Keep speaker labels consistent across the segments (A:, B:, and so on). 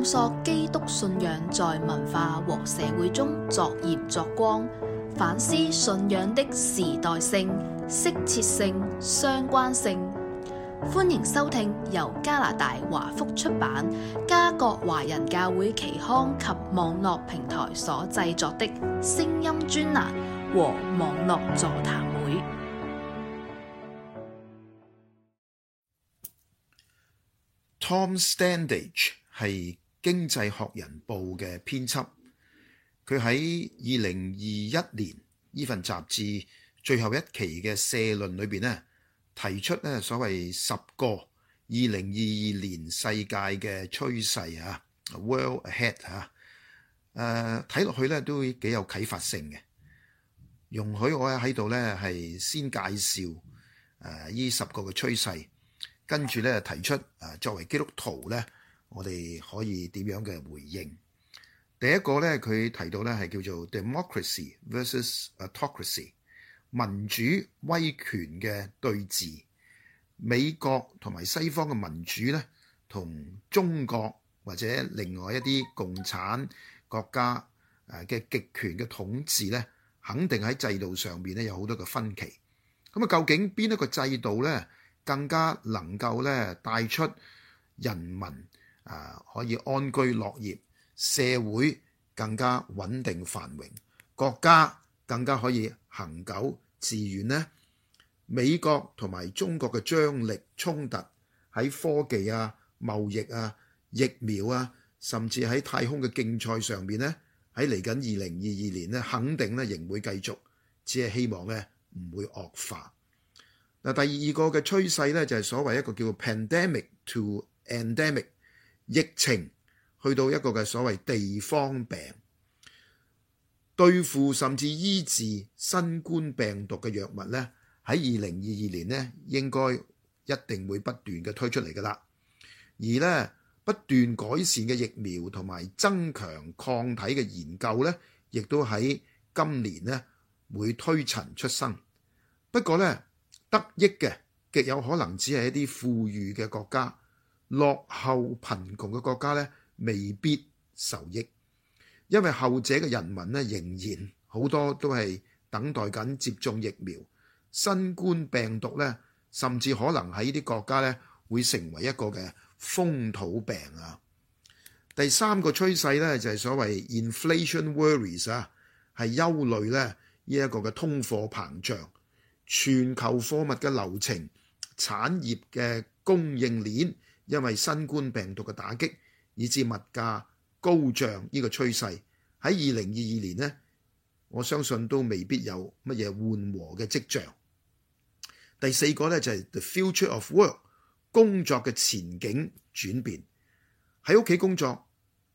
A: 探索基督信仰在文化和社會中作鹽作光，反思信仰的時代性、適切性、相關性。歡迎收聽由加拿大華福出版、加國華人教會期刊及網絡平台所製作的聲音專欄和網絡座談會。Tom Standage 係。《經濟學人報》嘅編輯，佢喺二零二一年呢份雜誌最後一期嘅社論裏邊咧，提出呢所謂十個二零二二年世界嘅趨勢啊，World Ahead 啊，誒睇落去呢都幾有啟發性嘅。容許我喺度呢係先介紹誒呢十個嘅趨勢，跟住呢提出誒作為基督徒呢。我哋可以點樣嘅回應？第一個咧，佢提到咧係叫做 democracy versus autocracy，民主威權嘅對峙。美國同埋西方嘅民主咧，同中國或者另外一啲共產國家誒嘅極權嘅統治咧，肯定喺制度上面咧有好多嘅分歧。咁啊，究竟邊一個制度咧更加能夠咧帶出人民？誒、啊、可以安居樂業，社會更加穩定繁榮，國家更加可以恒久自遠呢。美國同埋中國嘅張力衝突，喺科技啊、貿易啊、疫苗啊，甚至喺太空嘅競賽上面呢，喺嚟緊二零二二年呢，肯定呢仍會繼續，只係希望呢唔會惡化。嗱，第二個嘅趨勢呢，就係、是、所謂一個叫 pandemic to endemic。疫情去到一個嘅所謂地方病，對付甚至醫治新冠病毒嘅藥物呢，喺二零二二年呢應該一定會不斷嘅推出嚟㗎喇。而呢不斷改善嘅疫苗同埋增強抗體嘅研究呢，亦都喺今年呢會推陳出新。不過呢，得益嘅極有可能只係一啲富裕嘅國家。落後貧窮嘅國家呢，未必受益，因為後者嘅人民呢，仍然好多都係等待緊接種疫苗。新冠病毒呢，甚至可能喺呢啲國家呢，會成為一個嘅風土病啊！第三個趨勢呢，就係所謂 inflation worries 啊，係憂慮呢一個嘅通貨膨脹、全球貨物嘅流程、產業嘅供應鏈。因為新冠病毒嘅打擊，以至物價高漲呢個趨勢喺二零二二年呢，我相信都未必有乜嘢緩和嘅跡象。第四個呢，就係 the future of work 工作嘅前景轉變，喺屋企工作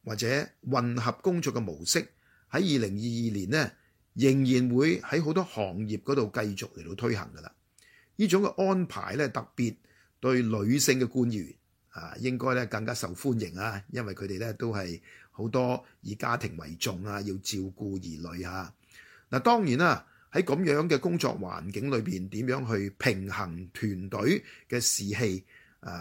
A: 或者混合工作嘅模式喺二零二二年呢，仍然會喺好多行業嗰度繼續嚟到推行噶啦。呢種嘅安排呢，特別對女性嘅官員。啊，應該咧更加受歡迎啊，因為佢哋咧都係好多以家庭為重啊，要照顧兒女啊。嗱，當然啦，喺咁樣嘅工作環境裏邊，點樣去平衡團隊嘅士氣？誒，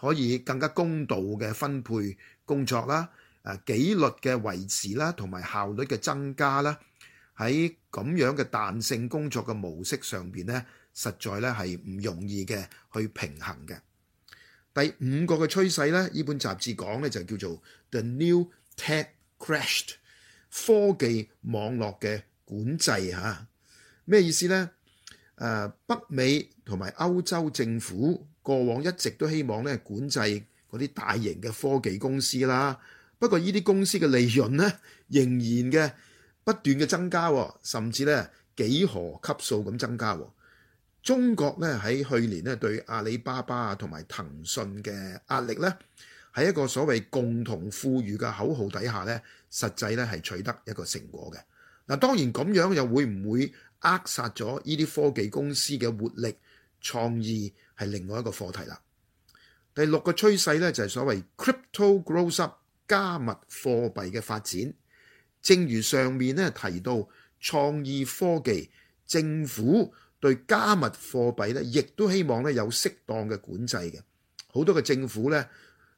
A: 可以更加公道嘅分配工作啦，誒，紀律嘅維持啦，同埋效率嘅增加啦，喺咁樣嘅彈性工作嘅模式上邊咧，實在咧係唔容易嘅去平衡嘅。第五個嘅趨勢呢，呢本雜誌講呢，就叫做 The New Tech Crashed，科技網絡嘅管制吓。咩意思呢？誒，北美同埋歐洲政府過往一直都希望咧管制嗰啲大型嘅科技公司啦，不過呢啲公司嘅利潤呢，仍然嘅不斷嘅增加，甚至呢幾何級數咁增加。中國咧喺去年咧對阿里巴巴同埋騰訊嘅壓力咧，喺一個所謂共同富裕嘅口號底下咧，實際咧係取得一個成果嘅。嗱，當然咁樣又會唔會扼殺咗呢啲科技公司嘅活力、創意，係另外一個課題啦。第六個趨勢咧就係所謂 crypto growth up 加密貨幣嘅發展，正如上面咧提到，創意科技政府。對加密貨幣咧，亦都希望咧有適當嘅管制嘅。好多嘅政府咧，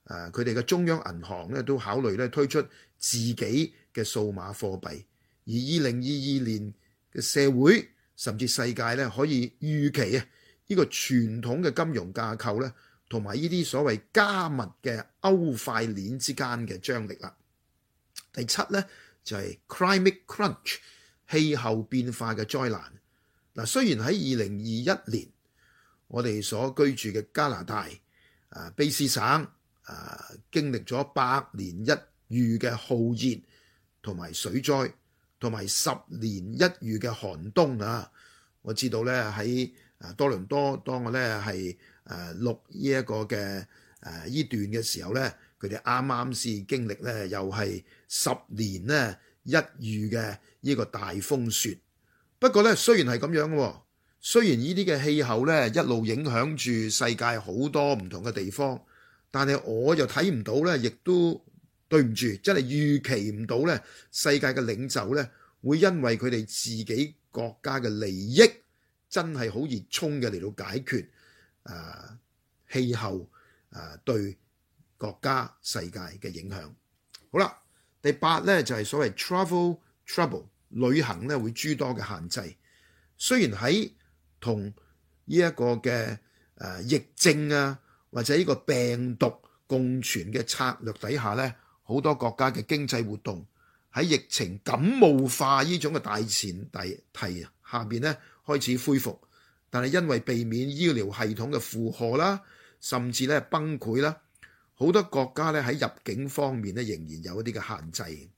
A: 誒佢哋嘅中央銀行咧都考慮咧推出自己嘅數碼貨幣。而二零二二年嘅社會甚至世界咧，可以預期啊，呢個傳統嘅金融架構咧，同埋呢啲所謂加密嘅區塊鏈之間嘅張力啦。第七咧就係 climate crunch 氣候變化嘅災難。嗱，雖然喺二零二一年，我哋所居住嘅加拿大啊卑斯省啊經歷咗百年一遇嘅酷熱同埋水災，同埋十年一遇嘅寒冬啊，我知道咧喺啊多倫多，當我咧係誒錄呢、啊、一個嘅誒呢段嘅時候咧，佢哋啱啱先經歷咧又係十年呢一遇嘅呢個大風雪。不過咧，雖然係咁樣喎、哦，雖然呢啲嘅氣候呢一路影響住世界好多唔同嘅地方，但係我就睇唔到呢，亦都對唔住，真係預期唔到呢，世界嘅領袖呢會因為佢哋自己國家嘅利益，真係好熱衷嘅嚟到解決誒氣、呃、候誒、呃、對國家世界嘅影響。好啦，第八呢就係、是、所謂 travel trouble。旅行咧會諸多嘅限制，雖然喺同呢一個嘅誒疫症啊，或者呢個病毒共存嘅策略底下呢，好多國家嘅經濟活動喺疫情感冒化呢種嘅大前提下面咧開始恢復，但係因為避免醫療系統嘅負荷啦，甚至咧崩潰啦，好多國家咧喺入境方面咧仍然有一啲嘅限制。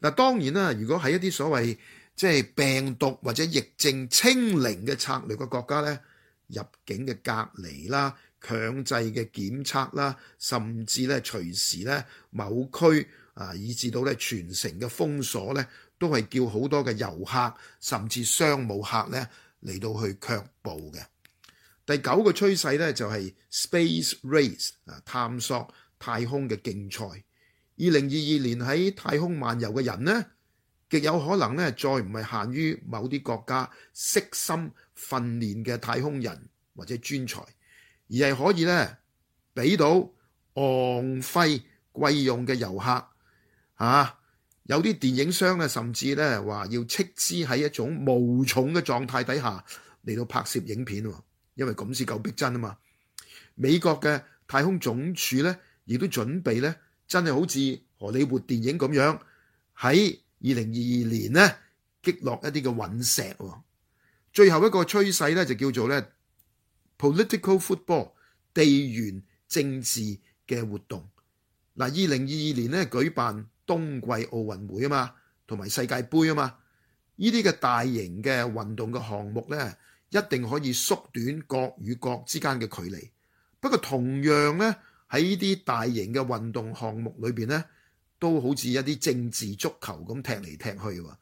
A: 嗱，當然啦，如果喺一啲所謂即係病毒或者疫症清零嘅策略嘅國家咧，入境嘅隔離啦、強制嘅檢測啦，甚至咧隨時咧某區啊，以至到咧全城嘅封鎖咧，都係叫好多嘅遊客甚至商務客咧嚟到去卻步嘅。第九個趨勢呢，就係 space race 啊，探索太空嘅競賽。二零二二年喺太空漫遊嘅人呢，極有可能呢，再唔係限於某啲國家悉心訓練嘅太空人或者專才，而係可以呢俾到昂費貴用嘅遊客啊！有啲電影商呢，甚至呢話要斥資喺一種無重嘅狀態底下嚟到拍攝影片，因為咁先夠逼真啊嘛！美國嘅太空總署呢，亦都準備呢。真係好似荷里活電影咁樣，喺二零二二年咧擊落一啲嘅隕石。最後一個趨勢呢，就叫做呢 political football，地緣政治嘅活動。嗱，二零二二年呢，舉辦冬季奧運會啊嘛，同埋世界盃啊嘛，呢啲嘅大型嘅運動嘅項目呢，一定可以縮短國與國之間嘅距離。不過同樣呢。喺呢啲大型嘅運動項目裏邊呢，都好似一啲政治足球咁踢嚟踢去喎。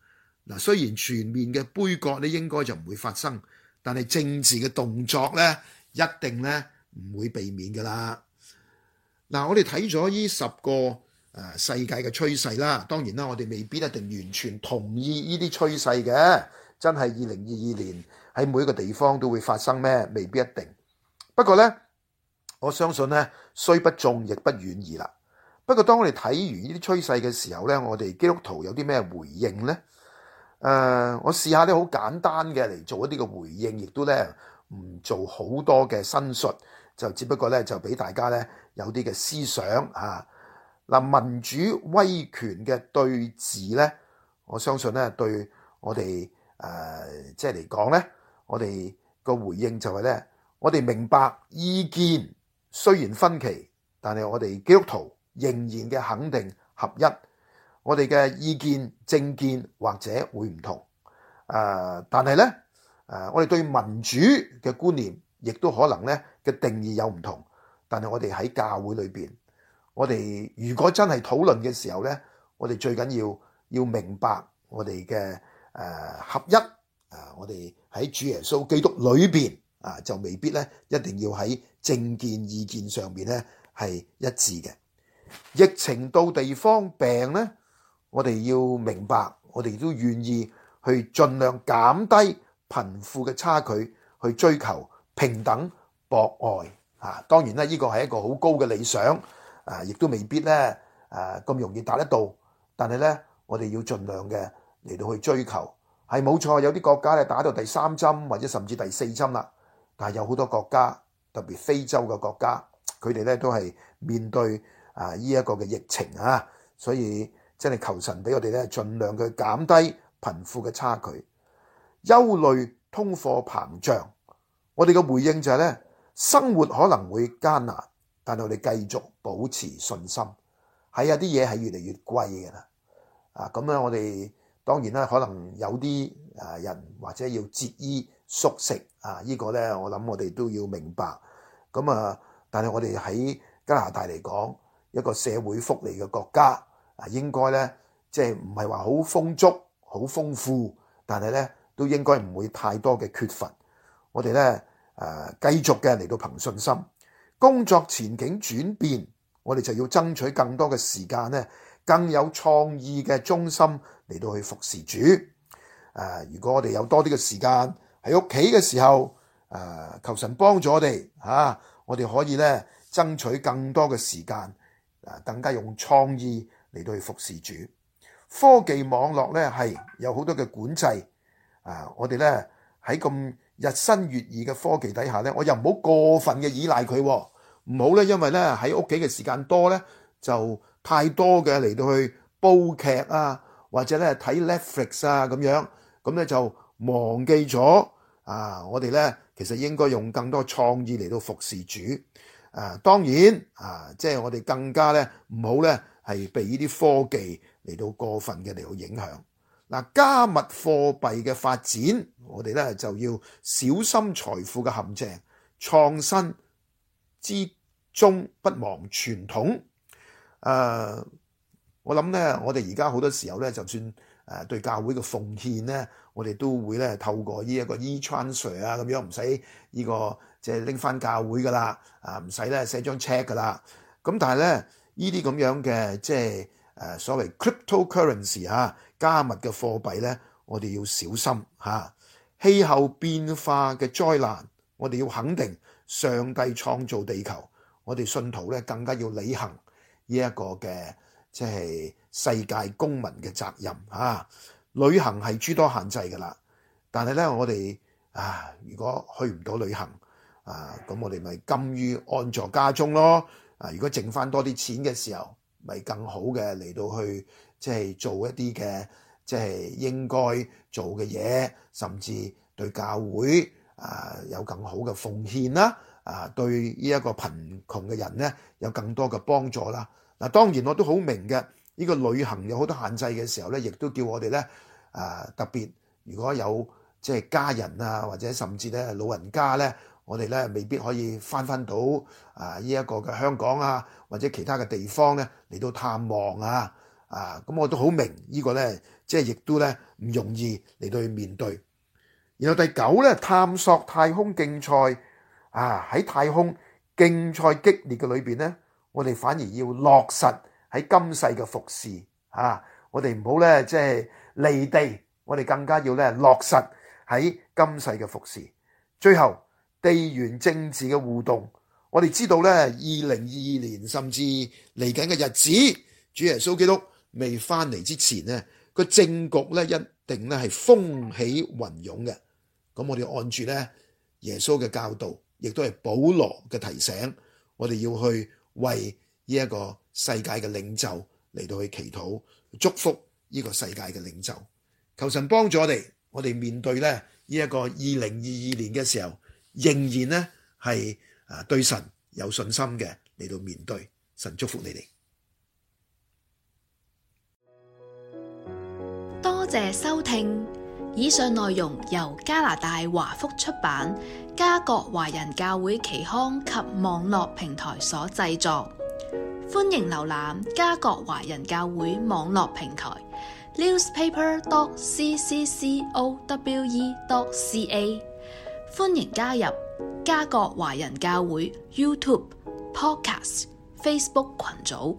A: 嗱，雖然全面嘅杯葛咧應該就唔會發生，但係政治嘅動作呢，一定呢唔會避免噶啦。嗱，我哋睇咗呢十個世界嘅趨勢啦，當然啦，我哋未必一定完全同意呢啲趨勢嘅。真係二零二二年喺每一個地方都會發生咩？未必一定。不過呢。我相信咧，雖不中，亦不遠矣啦。不過，當我哋睇完呢啲趨勢嘅時候咧，我哋基督徒有啲咩回應咧？誒、呃，我試下呢，好簡單嘅嚟做一啲嘅回應，亦都咧唔做好多嘅申述，就只不過咧就俾大家咧有啲嘅思想吓。嗱、啊，民主威權嘅對峙咧，我相信咧對我哋誒、呃、即係嚟講咧，我哋個回應就係咧，我哋明白意見。雖然分歧，但係我哋基督徒仍然嘅肯定合一。我哋嘅意見、政見或者會唔同，誒、呃，但係呢，誒、呃，我哋對民主嘅觀念亦都可能呢嘅定義有唔同。但係我哋喺教會裏邊，我哋如果真係討論嘅時候呢，我哋最緊要要明白我哋嘅誒合一啊、呃，我哋喺主耶穌基督裏邊。啊，就未必咧，一定要喺政見意見上面咧係一致嘅。疫情到地方病咧，我哋要明白，我哋都願意去盡量減低貧富嘅差距，去追求平等博愛。啊，當然咧，呢個係一個好高嘅理想，啊，亦都未必咧，誒咁容易達得到。但係咧，我哋要盡量嘅嚟到去追求。係冇錯，有啲國家咧打到第三針或者甚至第四針啦。但係有好多國家，特別非洲嘅國家，佢哋咧都係面對啊呢一個嘅疫情啊，所以真係求神俾我哋咧盡量去減低貧富嘅差距。憂慮通貨膨脹，我哋嘅回應就係咧，生活可能會艱難，但係我哋繼續保持信心。係啊，啲嘢係越嚟越貴嘅啦。啊，咁咧我哋當然咧可能有啲啊人或者要節衣。縮食啊！依、這個呢，我諗我哋都要明白咁啊。但係我哋喺加拿大嚟講，一個社會福利嘅國家啊，應該呢，即係唔係話好豐足、好豐富，但係呢，都應該唔會太多嘅缺乏。我哋呢，誒、啊、繼續嘅嚟到憑信心工作前景轉變，我哋就要爭取更多嘅時間呢，更有創意嘅中心嚟到去服侍主誒、啊。如果我哋有多啲嘅時間，喺屋企嘅時候，誒、呃，求神幫助我哋吓、啊，我哋可以咧爭取更多嘅時間，誒、啊，更加用創意嚟到去服侍主。科技網絡咧係有好多嘅管制，啊，我哋咧喺咁日新月異嘅科技底下咧，我又唔好過分嘅依賴佢，唔好咧，因為咧喺屋企嘅時間多咧就太多嘅嚟到去煲劇啊，或者咧睇 Netflix 啊咁樣，咁咧就。忘記咗啊！我哋呢其實應該用更多創意嚟到服侍主啊。當然啊，即係我哋更加呢，唔好呢係被呢啲科技嚟到過分嘅嚟到影響。嗱，加密貨幣嘅發展，我哋呢就要小心財富嘅陷阱。創新之中不忘傳統，誒。我諗咧，我哋而家好多時候咧，就算誒對教會嘅奉獻咧，我哋都會咧透過呢一個 E-transfer 啊，咁樣唔使呢個即係拎翻教會噶啦，啊唔使咧寫張 check 噶啦。咁但係咧呢啲咁樣嘅即係誒、呃、所謂 cryptocurrency 啊加密嘅貨幣咧，我哋要小心吓。氣候變化嘅災難，我哋要肯定上帝創造地球，我哋信徒咧更加要履行呢一個嘅。即係世界公民嘅責任啊！旅行係諸多限制噶啦，但係咧，我哋啊，如果去唔到旅行啊，咁我哋咪甘於安坐家中咯啊！如果剩翻多啲錢嘅時候，咪更好嘅嚟到去即係、就是、做一啲嘅即係應該做嘅嘢，甚至對教會啊有更好嘅奉獻啦啊！對呢一個貧窮嘅人咧，有更多嘅幫助啦～嗱，當然我都好明嘅，呢、這個旅行有好多限制嘅時候咧，亦都叫我哋咧，誒、呃、特別如果有即係家人啊，或者甚至咧老人家咧，我哋咧未必可以翻翻到啊呢一個嘅香港啊，或者其他嘅地方咧嚟到探望啊，啊、呃、咁我都好明、這個、呢個咧，即係亦都咧唔容易嚟到去面對。然後第九咧，探索太空競賽啊，喺太空競賽激烈嘅裏邊咧。我哋反而要落實喺今世嘅服侍啊！我哋唔好呢，即係離地。我哋更加要呢，落實喺今世嘅服侍。最後地緣政治嘅互動，我哋知道呢，二零二二年甚至嚟緊嘅日子，主耶穌基督未翻嚟之前呢，個政局呢一定呢係風起雲湧嘅。咁我哋按住呢耶穌嘅教導，亦都係保羅嘅提醒，我哋要去。為呢一個世界嘅領袖嚟到去祈禱祝福呢個世界嘅領袖，求神幫助我哋，我哋面對咧呢一個二零二二年嘅時候，仍然咧係啊對神有信心嘅嚟到面對，神祝福你哋。多謝收聽。以上內容由加拿大華福出版、加國華人教會期刊及網絡平台所製作，歡迎瀏覽加國華人教會網絡平台 newspaper.cccowe.ca。歡迎加入加國華人教會 YouTube、Podcast、Facebook 群組。